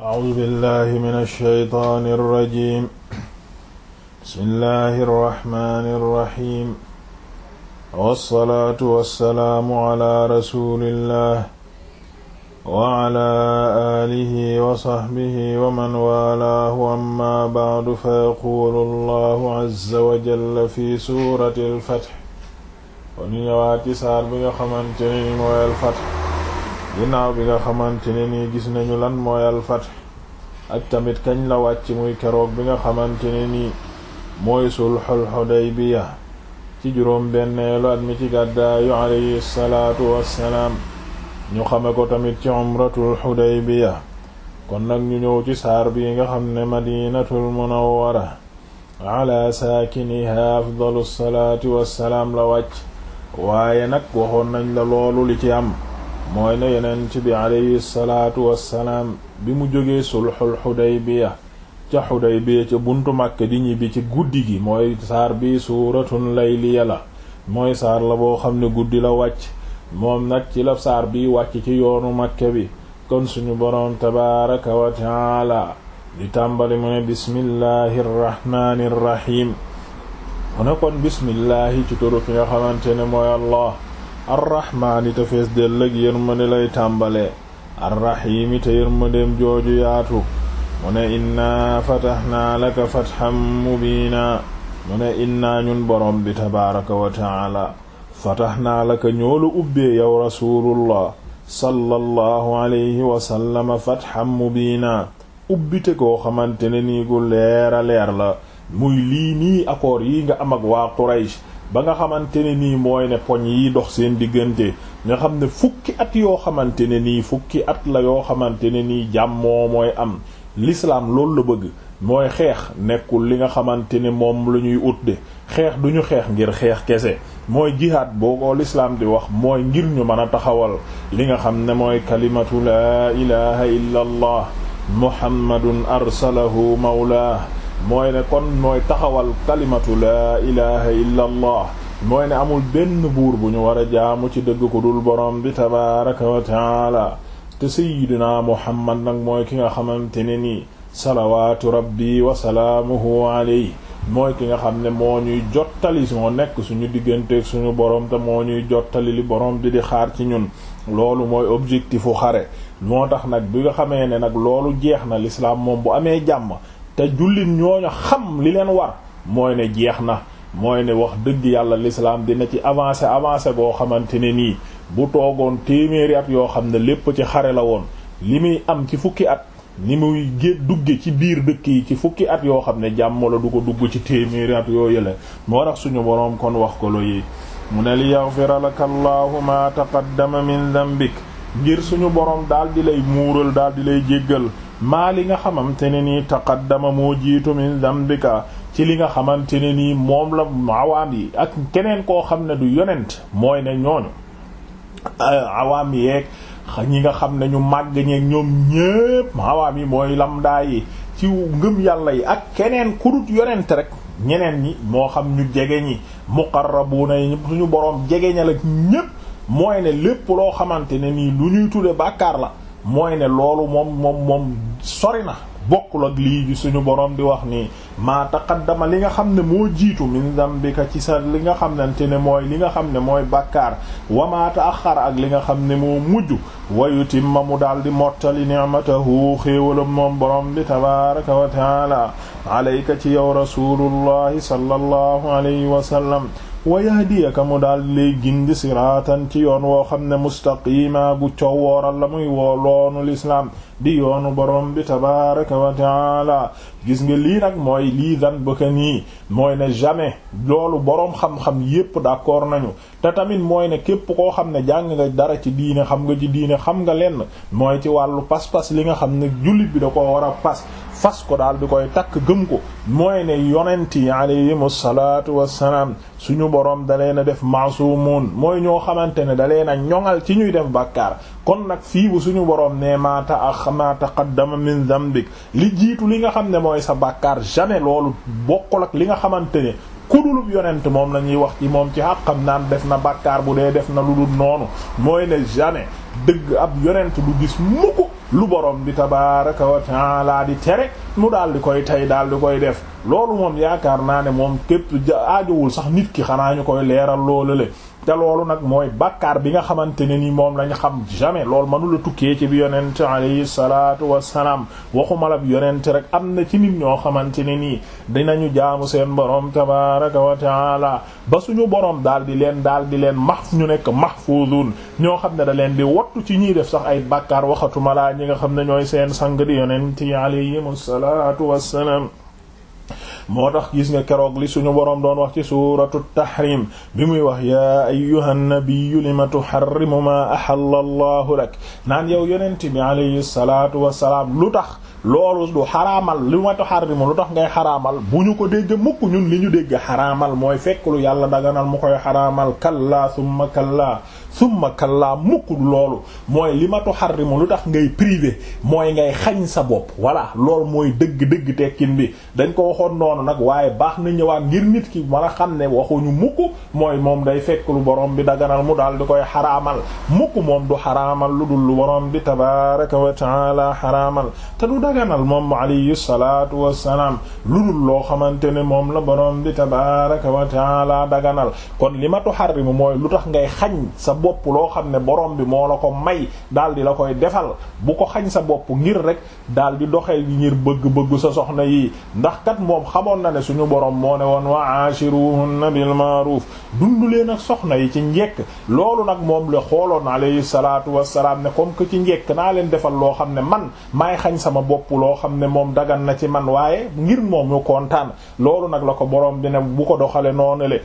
أعوذ بالله من الشيطان الرجيم بسم الله الرحمن الرحيم والصلاة والسلام على رسول الله وعلى آله وصحبه ومن والاه أما بعد فيقول الله عز وجل في سورة الفتح kon ñëwaat ci saar bi nga xamante ni mooy al-Fath ginnaaw bi nga xamante ne nii gis nañu lan mooy alfath ak tamit kañ la wàcc muy keroog bi nga xamante ne nii mooy sulxul xudaybiya ci juróom benneelu at mi ci gàddaayu alayhi salaatu wassalaam ñu xame ko tamit ci umratul xudaybiya kon nag ñu ñëw ci saar bi nga xam ne madinatul munawwara ala saakiniha afdalu la wàcc waaye nag waxoon nañ la loolu li ci am mooy ne yonent bi aleyhi salaatu salaam bi mu jógee sulxul xudaybiya ca xudaybiya ca buntu màkk di ñibbi ci guddi gi mooy saar bi suuratun layliya la mooy saar la boo xam ne guddi la wàcc moom nag ci la saar bi wàcc ci yoonu màkke bi kon suñu boroom tabaaraka wa taala di tàmbali mu ne bismillahi rrahmaani mu ne kon bismillahi ci turu ki nga xamante ne mooy allah arrahmaani te fees dell ak lay tàmbale arrahiimi te jooju yaatu mu ne innaa fatahnaa laka fathan mubiina mu ne innaa ñun borom bi tabaaraka wa taala fatahnaa laka ñoolu ubbee yow rasuulullah sallallahu alayhi wa sallama fathan mubiina ubbite koo xamante ne niigu gu leer la muy lii nii accord yi nga am ak waa Quraysh ba nga xamante ne nii mooy ne poñ yi dox seen diggante nga xam ne fukki at yoo xamante ne nii fukki at la yoo xamante ne nii jàmmoo mooy am l'islam loolu la bëgg mooy xeex nekkul li nga xamante ne moom lu ñuy ut xeex du ñu xeex ngir xeex kese mooy jihaad boo ko l'islam di wax mooy ngir ñu mën a taxawal li nga xam ne mooy kalimatu laa ilaha illa allah muhammadun arsalahu mawlaa mooy ne kon mooy taxawal kalimatu laa ilaha illa allah mooy ne amul benn buur bu ñu war a jaamu ci dëgg ko dul borom bi tabaraka wa taala te sayyidina muhammad nag mooy ki nga xamante ne nii salawaatu rabbi wa salaamuhu mooy ki nga xam ne moo ñuy jottali moo nekk suñu digganteeg suñu borom te moo ñuy jottali li borom bi di xaar ci ñun loolu mooy objectifu xare moo tax nag bi nga xamee ne nag loolu jeex na l'islam moom bu amee jàmm te jullit ñooñu xam li leen war mooy ne jeex na mooy ne wax dëgg yàlla l'islam dina ci avancer avancer boo xamante ne nii bu toogoon téeméeri at yoo xam ne lépp ci xare la woon li muy am ci fukki at ni muy gé dugge ci biir dëkk yi ci fukki at yoo xam ne jàmm la du ko dugg ci téeméeri at yoo yële moo tax suñu boroom kon wax kolo yi mu ne li yaghfira laka allahu ma taqaddama min dhanbik ngir suñu boroom daal di lay muural daal di lay jéggal maa li nga xamante ne nii taqaddama moo jiitu min dambika ci li nga xamante ne nii moom la awaam yi ak keneen koo xam ne du yonent mooy ne ñooñu awaam ñi nga xam ne ñu màgg ñeeg ñoom ñépp awaam yi mooy lamdaa yi ci ngëm yàlla yi ak keneen kurut yonent rek ñeneen ñi moo xam ñu jege ñi muqarrabuuna yi suñu boroom jege ña la ñépp mooy ne lépp loo xamante ne nii lu ñuy tudde bàkkaar la mooy ne loolu moom moom moom sori na bokkul ak lii bi suñu borom di wax nii maa taqaddama li nga xam ne moo jiitu min zambika ci sa li nga xamante ne mooy li nga xam ne mooy bakkaar wa maa ta'axxara ak li nga xam ne moo mujju wa yutimma mu daal di mottali ni'matahu xéewala moom borom bi tabaraka wa taala alayka ci yow rasulullahi sallallahu alayhi wa sallam wa yahdiyaka mu daal lay gindi siraatan ci yoon woo xam ne mustaqiima gu cow wooral la muy woo loonu lislaam di yoonu borom bi tabaraka wa taala gis nga lii nag mooy lii dan bëka nii mooy ne jamais loolu borom xam-xam yépp d'accord nañu te tamit mooy ne képp koo xam ne jàng nga dara ci diine xam nga ci diine xam nga lenn mooy ci wàllu pas-pas li nga xam ne jullit bi da ko war a pas fas ko daal di koy takk gëm ko mooy ne yonent yi alayhim salaatu wassalaam suñu borom dalee na def maasumun mooy ñoo xamante ne dalee na ñoŋal ci ñuy def bàkkaar kon nag fii bu suñu borom ne ma ta'a ma taqaddama min dhanbik li jiitu li nga xam ne mooy sa bàkkaar jamais loolu bokkul ak li nga xamante ne kudulub yonent moom la ñuy wax ci moom ci xàqam naan def na bàkkaar bu dee def na lu dul noonu mooy ne jamais dëgg ab yonent du gis mukk lu borom bi tabaraka wa taala di tere mu daal di koy tey daal di koy def loolu moom yaakaar naa ne moom képp aajowul sax nit ki xanaa ñu koy leeral loolu le te loolu nag mooy bàkkaar bi nga xamante ne ni moom lañ xam jamais loolu mënu tukkee ci bi yonent alayhi salaatu wassalaam waxuma la bi yonent rek am na ci nit ñoo xamante ne nii ñu jaamu seen borom tabaaraka wa taala ba suñu borom daal di leen daal di leen max ñu nekk mahfuzun ñoo xam ne da leen di wattu ci ñiy def sax ay bàkkaar waxatuma laa ñi nga xam ne ñooy seen sang di yonent yi alayhimu salaatu wassalaam moo tax gis nga keroog li suñu boroom doon wax ci suratu tahrim bi muy wax yaa ayyuha nabiyyu lima tuharrimu maa ahalla allahu lak naan yow yonent bi alayhi salaatu wassalaam lu tax loolu du xaraamal li ma tuharrimu lu tax ngay xaraamal bu ñu ko dégg mukk ñun li ñu dégg xaraamal mooy fekk lu yàlla daganal mu koy xaraamal kallaa summa kallaa summa kallaa mukk loolu mooy li ma mu lu tax ngay privé mooy ngay xañ sa bopp voilà loolu mooy dëgg-dëgg tekkin bi dañ ko waxoon noonu nag waaye baax na ñëwaat ngir nit ki mën a xam ne waxuñu mukk mooy moom day fekk lu borom bi daganal mu daal di koy xaraamal mukk moom du xaraamal lu dul lu borom bi tabaraka wa taala xaraamal te du daganal moom alayhi salaatu lu loo xamante ne moom la borom bi tabaraka wa taala daganal kon li ma tuharrimu mooy lu tax ngay xañ sa bopp loo xam ne boroom bi moo la ko may daal di la koy defal bu ko xañ sa bopp ngir rek daal di doxee ngir bëgg-bëggu sa soxna yi ndax kat moom xamoon na ne suñu borom moo ne woon wa ashiruhunna bil ma'ruf dundu leen ak soxna yi ci njekk loolu nag moom la xooloon alayhi salaatu wassalaam ne comme que ci njekk naa leen defal loo xam ne man maay xañ sama bopp loo xam ne moom dagan na ci man waaye ngir moom ñu kontaan loolu nag la ko boroom bi ne bu ko doxale noonu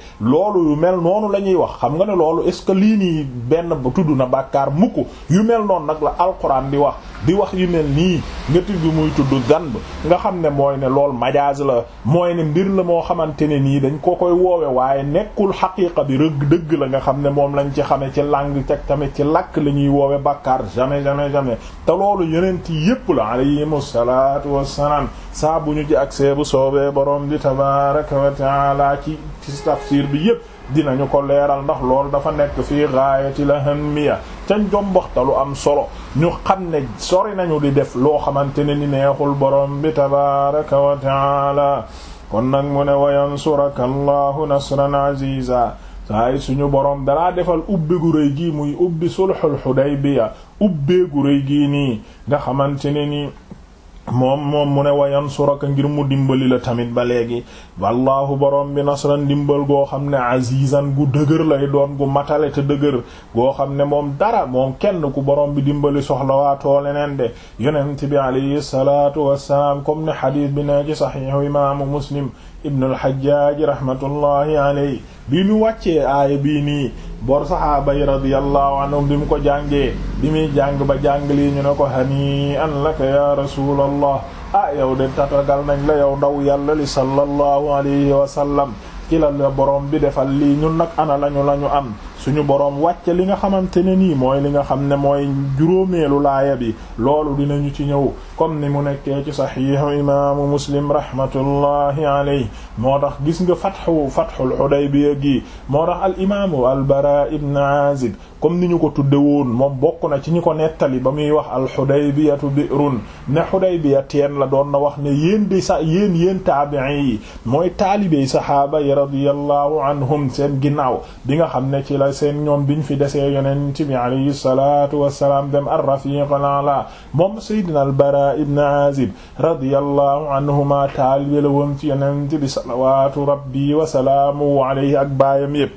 ci benn tudd na bàkkaar mukk yu mel noon nag la alquran di wax di wax yu mel nii nga tudd muy tudd zanb nga xam ne mooy ne lool majaaz la mooy ne mbir la moo xamante ne nii dañ ko koy woowe waaye nekkul xaqiiqa bi rëgg dëgg la nga xam ne moom lañ ci xame ci lang teg tamit ci làkk lañuy ñuy woowe bàkkaar jamais jamais jamais te loolu yenent yépp la alayhimu salaatu wassalaam saa bu ñu ci ak bu soobee borom di tabaaraka wa taala ci ci tafsir bi yépp dinañu ko leeral ndax loolu dafa nekk fii gaayati la hammiya ca njomboxtalu am solo ñu xam ne sori nañu di def loo xamante ne ni neexul borom bi tabaraka wa taala kon nag mu ne wa yansuraka allahu nasran aziza saay suñu borom dalaa defal ubbi gu rëy muy ubbi sulhul hudaybiya ubbeegu rëy gii nii nga xamante ne nii moom moom mu ne wayan suraka ngir mu dimbali la tamit ba léegi wallaahu borom bi nasran dimbal goo xam ne azizan gu dëgër lay doon gu matale te dëgër goo xam ne moom dara moom kenn ku borom bi dimbali soxla waatoo leneen de yonent bi alayhi salaatu wassalaam comme ne xadiis bi ne ci saxiixu imaamu muslim ibnu al-Hajjaj rahmatullahi bii bi mu wàccee aaya bii nii bor sahaaba yi radiyallahu anhum bi mu ko jàngee bi muy jàng ba jàng lii ñu ne ko hani an laka ya rasulallah ah yow de tatagal nañ la yow daw yàlla li sallallahu alayhi wa sallam ki la borom bi defal lii ñun nag ana lañu lañu am suñu boroom wàcce li nga xamante ne nii mooy li nga xam ne mooy juróomeelu laaya bi loolu ñu ci ñëw comme ni mu nekkee ci saxiixu imaamu muslim rahmatullahi alayhi moo tax gis nga fatxu fatxul Hudaybiya gi moo tax al imaamu al Baraa ibn Aazib comme ni ñu ko tudde woon moom bokk na ci ñu ko nettali ba muy wax al Hudaybiyatu bi'run ne Hudaybiya teen la doon na wax ne yéen di sa yéen yéen taabi'i yi mooy taalibey sahaaba yi radiyallahu anhum seen ginnaaw bi nga xam ne ci la seen ñoom biñ fi desee yonent bi alayhi salaatu wassalaam dem ar-rafiq al moom sayyidina al-Bara ibn Azib radiyallahu anhuma taalibe la woon fi yonent bi salawaatu rabbi wa salaamuhu ak baayam yépp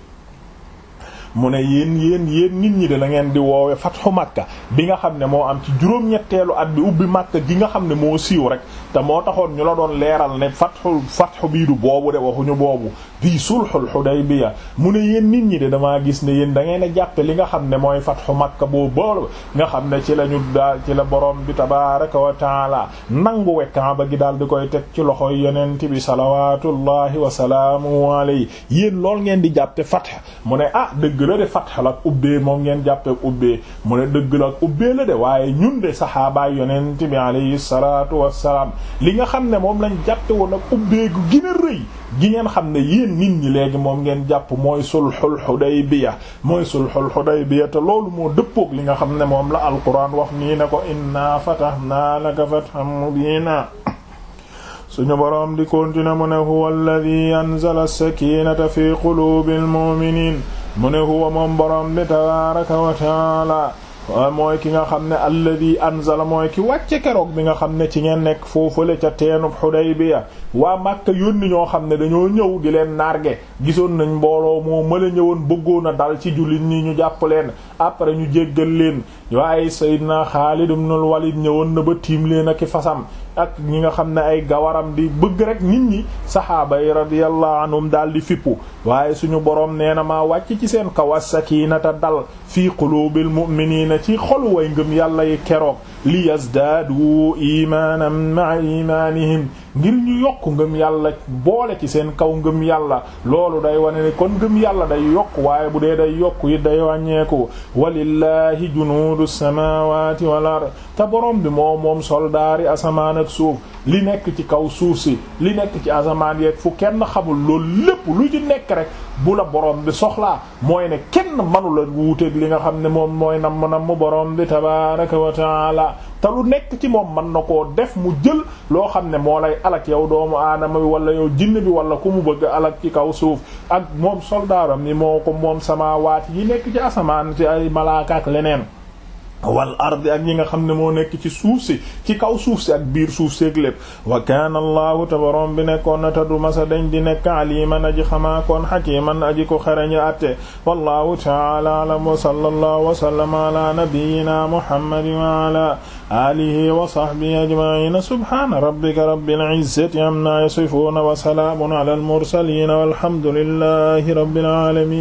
mu ne yéen yéen yéen nit ñi de la ngeen di woowe fatxu makka bi nga xam ne moo am ci juróom-ñetteelu at bi ubbi makka gi nga xam ne moo siiw rek te moo taxoon ñu la doon leeral ne fatxul fatxu bii du boobu de waxuñu boobu bii sulxul xudaybiya mu ne yéen nit ñi de damaa gis ne yéen da ngeen a jàppe li nga xam ne mooy fatxu makka boo bool nga xam ne ci la daal ci la borom bi tabaraka wa taala nangu wekkan ba gi daal di koy teg ci loxoy yonent bi salawatullahi wasalaamu aley yéen lool ngeen di jàppe fatx mu ne ah dëgg la de fatx la ak ubbee moom ngeen jàppe ubbee mu ne dëgg la ak ubbee la de waaye ñun de sahaabaa yonent bi alayhi salatu wasalaam li nga xam ne moom lañ jàppe woon ak ubbeegu gën a gi ngeen xam ne yéen nit ñi léegi moom ngeen jàpp mooy sulhul Hudaybiya mooy sulhul Hudaybiya te moo dëppook li nga xam ne moom la alquran wax nii ne ko inna fatahna laka fathan mubina suñu boroom di continuer mu ne huwa alladhi anzala as-sakinata fi qulubil mu'minin mu ne huwa moom boroom bi tabaraka wa taala mooy ki nga xam ne alladi anzala mooy ki wàcce keroog bi nga xam ne ci ngeen nekk foofale ca teenub Xudaybiya waa Màkka yónni ñoo xam ne dañoo ñëw di leen narge gisoon nañ mbooloo moo a ñëwoon bëggoon a dal ci jullit ñi ñu jàpp leen après ñu jéggal leen waaye Seydina Xaalid ibnul Walid ñëwoon na ba tiim leen ak i fasam ak ñi nga xam ne ay gawaram di bëgg rek nit ñi saxaaba yi radiyallahu anhum daal di fippu waaye suñu boroom nee na maa wàcc ci seen kaw as-sakiinata dal fii quluubil mu'miniina ci xolu way ngëm yàlla yi keroog li yazdaadu iimaanan ma'a iimaanihim ngir ñu yokk ngëm yàlla boole ci seen kaw ngëm yàlla loolu day wane ne kon ngëm yàlla day yokk waaye bu dee day yokk it day wàññeeku walillahi junuudu samaawaati wal ard te borom bi moo moom soldaari asamaan ak suuf li nekk ci kaw suuf si li nekk ci asamaan yeeg fu kenn xamul loolu lépp lu ci nekk rek bu la borom bi soxlaa mooy ne kenn manu la li nga xam ne moom mooy nam nam mu borom bi tabaraka wa la te lu nekk ci moom man na koo def mu jël loo xam ne moo lay alak yow doomu aadama bi wala yow jinne bi wala ku mu bëgg alak ci kaw suuf ak moom soldaaram ni moo ko moom waat yi nekk ci asamaan ci ay malaakaak leneen wal ardi ak yi nga xam ne moo nekk ci suuf si ci kaw suuf si ak biir suuf si ak lépp wa kaana allahu te borom bi nekkoon na tadu masa dañ di nekk aliman aji xamaakoon xakiman aji ko xereñi atte wallahu taala alam wa sallallahu wa sallama ala nabiyyina muhammadin wa ala alihi wa sahbihi ajma'ina subhana rabbika rabbil izzati amma yasifuna wa salamun ala al mursalin walhamdulillahi rabbil alamin